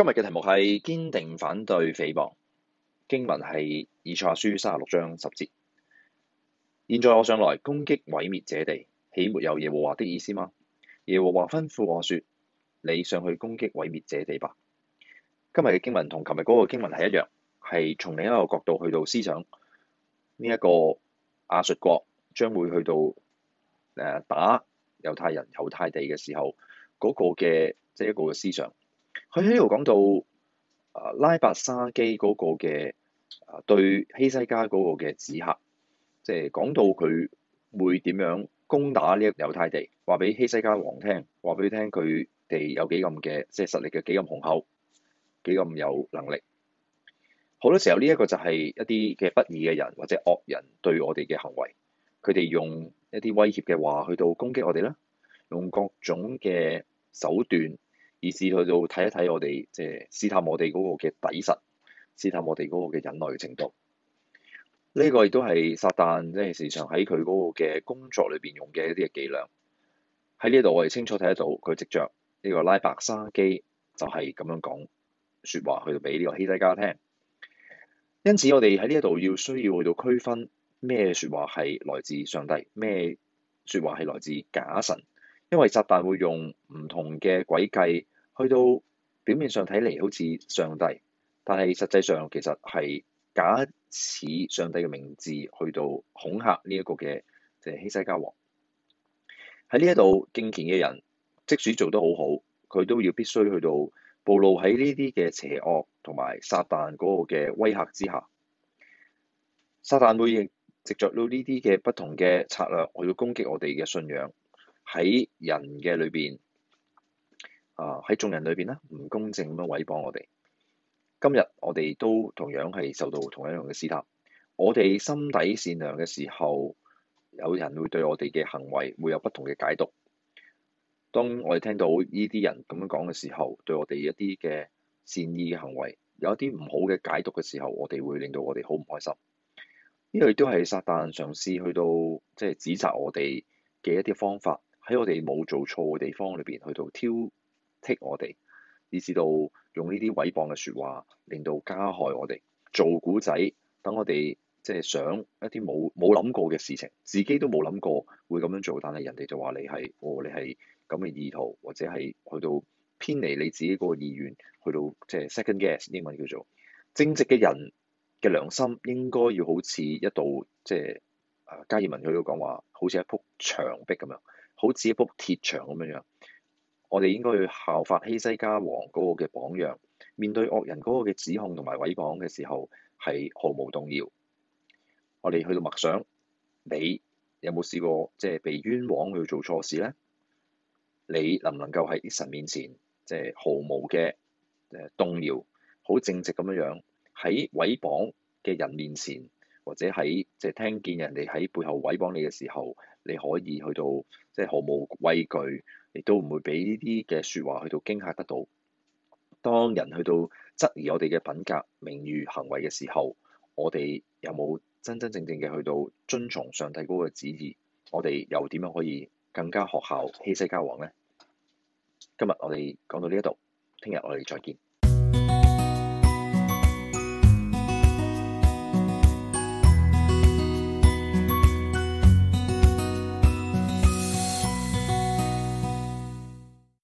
今日嘅題目係堅定反對誹謗，經文係以賽亞書三十六章十節。現在我上來攻擊毀滅者地，豈沒有耶和華的意思嗎？耶和華吩咐我說：你上去攻擊毀滅者地吧。今日嘅經文同琴日嗰個經文係一樣，係從另一個角度去到思想呢一、這個亞述國將會去到誒、呃、打猶太人猶太地嘅時候嗰、那個嘅即係一個嘅思想。佢喺度講到，啊拉伯沙基嗰個嘅啊對希西家嗰個嘅指責，即係講到佢會點樣攻打呢一猶太地，話俾希西家王聽，話俾佢聽佢哋有幾咁嘅，即係實力嘅幾咁雄厚，幾咁有能力。好多時候呢一個就係一啲嘅不義嘅人或者惡人對我哋嘅行為，佢哋用一啲威脅嘅話去到攻擊我哋啦，用各種嘅手段，而是去到睇一睇我哋，即係試探我哋嗰個嘅底實，試探我哋嗰個嘅忍耐程度。呢、這個亦都係撒旦，即係時常喺佢嗰個嘅工作裏邊用嘅一啲嘅伎倆。喺呢度我哋清楚睇得到，佢藉著呢個拉伯沙基就係咁樣講説話去到俾呢個希西家聽。因此我哋喺呢一度要需要去到區分咩説話係來自上帝，咩説話係來自假神。因為撒旦會用唔同嘅詭計去到表面上睇嚟好似上帝，但係實際上其實係假似上帝嘅名字去到恐嚇呢一個嘅就係希西家王。喺呢一度敬虔嘅人，即使做得好好，佢都要必須去到暴露喺呢啲嘅邪惡同埋撒旦嗰個嘅威嚇之下，撒旦會亦藉著到呢啲嘅不同嘅策略去到攻擊我哋嘅信仰。喺人嘅裏邊啊，喺眾人裏邊呢，唔公正咁樣毀謗我哋。今日我哋都同樣係受到同一樣嘅試探。我哋心底善良嘅時候，有人會對我哋嘅行為會有不同嘅解讀。當我哋聽到呢啲人咁樣講嘅時候，對我哋一啲嘅善意嘅行為有一啲唔好嘅解讀嘅時候，我哋會令到我哋好唔開心。呢亦都係撒旦嘗試去到即係、就是、指責我哋嘅一啲方法。喺我哋冇做錯嘅地方裏邊，去到挑剔我哋，以至到用呢啲毀謗嘅説話，令到加害我哋做古仔，等我哋即係想一啲冇冇諗過嘅事情，自己都冇諗過會咁樣做，但係人哋就話你係，哦，你係咁嘅意圖，或者係去到偏離你自己嗰個意願，去到即係 second guess 英文叫做正直嘅人嘅良心，應該要好似一道即係啊，加義文佢都講話，好似一幅牆壁咁樣。好似一幅鐵牆咁樣樣，我哋應該要效法希西家王嗰個嘅榜樣，面對惡人嗰個嘅指控同埋毀謗嘅時候，係毫無動搖。我哋去到默想，你有冇試過即係、就是、被冤枉去做錯事咧？你能唔能夠喺神面前，即、就、係、是、毫無嘅誒動搖，好正直咁樣樣喺毀謗嘅人面前？或者喺即係聽見人哋喺背後毀謗你嘅時候，你可以去到即係、就是、毫無畏懼，亦都唔會俾呢啲嘅說話去到驚吓得到。當人去到質疑我哋嘅品格、名譽行為嘅時候，我哋有冇真真正正嘅去到遵從上帝嗰個旨意？我哋又點樣可以更加學效希西家王咧？今日我哋講到呢一度，聽日我哋再見。